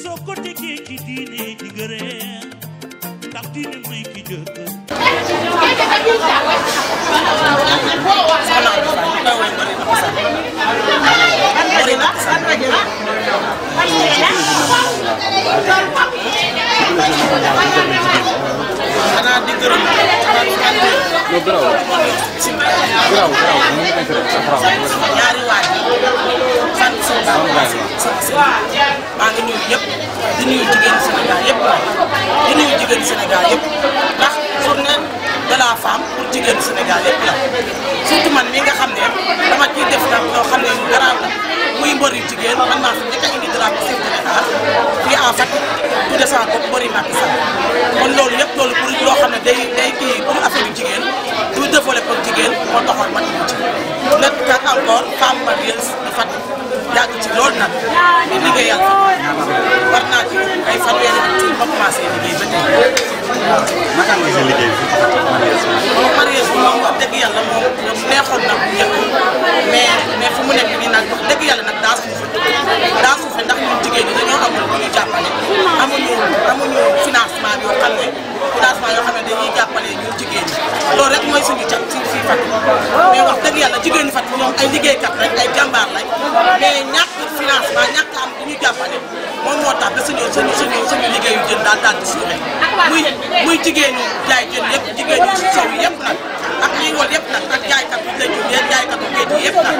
soo ko tegee ci diine ji gëree ndax diine mooy ki jëkk xanaa di gërëm ñaari waat yi sant suñu maa ngi nuyu ñëpp di nuyu jigéen Sénégal yëpp di nuyu jigéen Sénégal yëpp ndax journée de la femme jigéen Sénégal yëpp la surtout mi nga xam ne dama ciy def nag loo xam ne lu garaaw la muy mbëri jigéen man maa fi njëkk a indi drapeau chef de l'État fii en Fatick tout mbëri Macky Sall loolu yëpp loolu pour loo xam ne day day kii pour commencé liggéey ba tey naka nga gisee liggéey bi moom mariage bi moom wax dëgg yàlla moom neexoon na bu mu nekk nii nag wax dëgg yàlla nag daa suufe daa suufe ndax ñun jigéen ñi dañoo amul bu ñu jàppale amuñu amuñu financement yoo xam ne financement yoo xam ne dañuy jàppale ñun jigéen ñi loolu rek mooy suñu jàpp ci fii ay liggéeykat rek ay jàmbaar lañ mais ñàkk am bu ñu jàppale moom moo tax ba suñu suñu muy muy jigéenu jaay jën yëpp jigéenu sow yëpp nag ak ñuy wol yëpp nag ak jaaykatu lëjum yeeg jaaykatu géej gi yëpp nag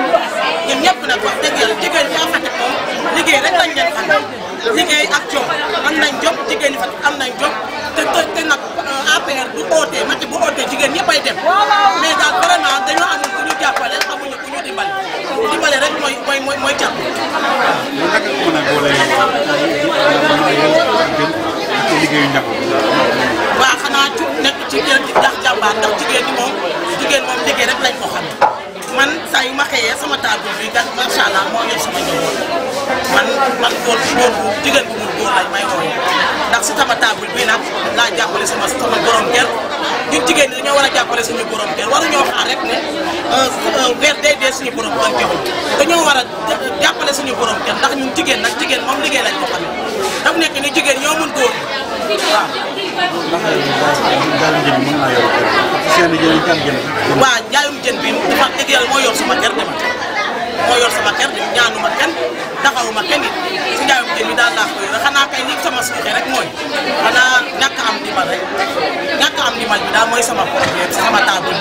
ñun ñëpp nag wax dëgg yàlla jigéen ñi Fatick moom liggéey am nañ jom te te nag euh, APR bu ootee Macky bu ootee jigéen ñëppay dem mais daal vraiment dañoo amul ku ñu jàppale amuñu ku ñu dimbale dimbale rek mooy mooy mooy mooy jàpp. naka mën a boole liggéeyu jigéen ndax jàmbaar ndax jigéen ñi moom jigéen moom liggéey rek lañ ko xamee man saa ma sama taabu bi kat macha allah moo man man góor góor bu jigéen bu mun góor lañ may wooyee ndax si sama taabu bi nag laa jàppale sama sama borom kër ñun jigéen ñi dañoo war a jàppale suñu borom kër waruñoo xaar rek ne euh, euh, weer day dee suñu borom kër joxul dañoo war a suñu borom kër ndax ñu jigéen nag jigéen moom liggéey lañ ko xamee daf nekk ni jigéen ñoo mun góor waaw. waaw njaayum jën bi dafa dëgg yàlla moo yor sama gerte ma moo yor sama gerte ñaanu ma kenn taxawu ma kenn it si jën bi daal laa koy xanaa kay li sama suufe rek mooy xanaa ñàkk am ndimbal rek ñàkk am ndimbal bi daal mooy sama problème sama table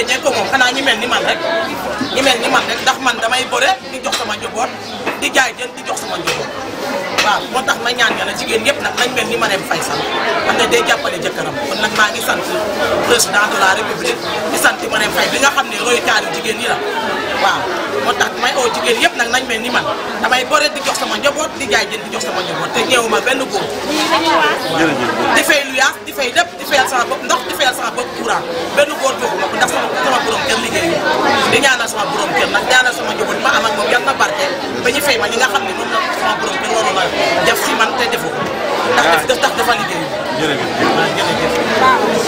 fekkee ñee ko moom ñi mel ni man rek ñi mel ni man rek man damay bëre di jox sama njaboot di jaay jën di jox sama njaboot waaw moo tax ma ñaan yàlla jigéen yëpp nag nañ mel ni Marème Faye Sall xam ne day jàppale jëkkëram kon nag maa ngi sant président de la république di sant bi nga xam ne royukaayu jigéen ñi la waaw moo tax may oo jigéen yëpp nag nañ mel ni man damay bëre di jox sama njaboot di jaay jën di jox sama njaboot te ma benn góor di fay lu yaas di fay lépp di fayal sama bopp ndox di fayal sama bopp courant benn nag ñaanal sama njaboot ma am ak moom yàlla na barkeel ba ñu fay ma li nga xam ne moom la sama borom bi waroon a def si man te defu ndax daf tax dafa liggéey. jërëjëf waaw jërëjëf.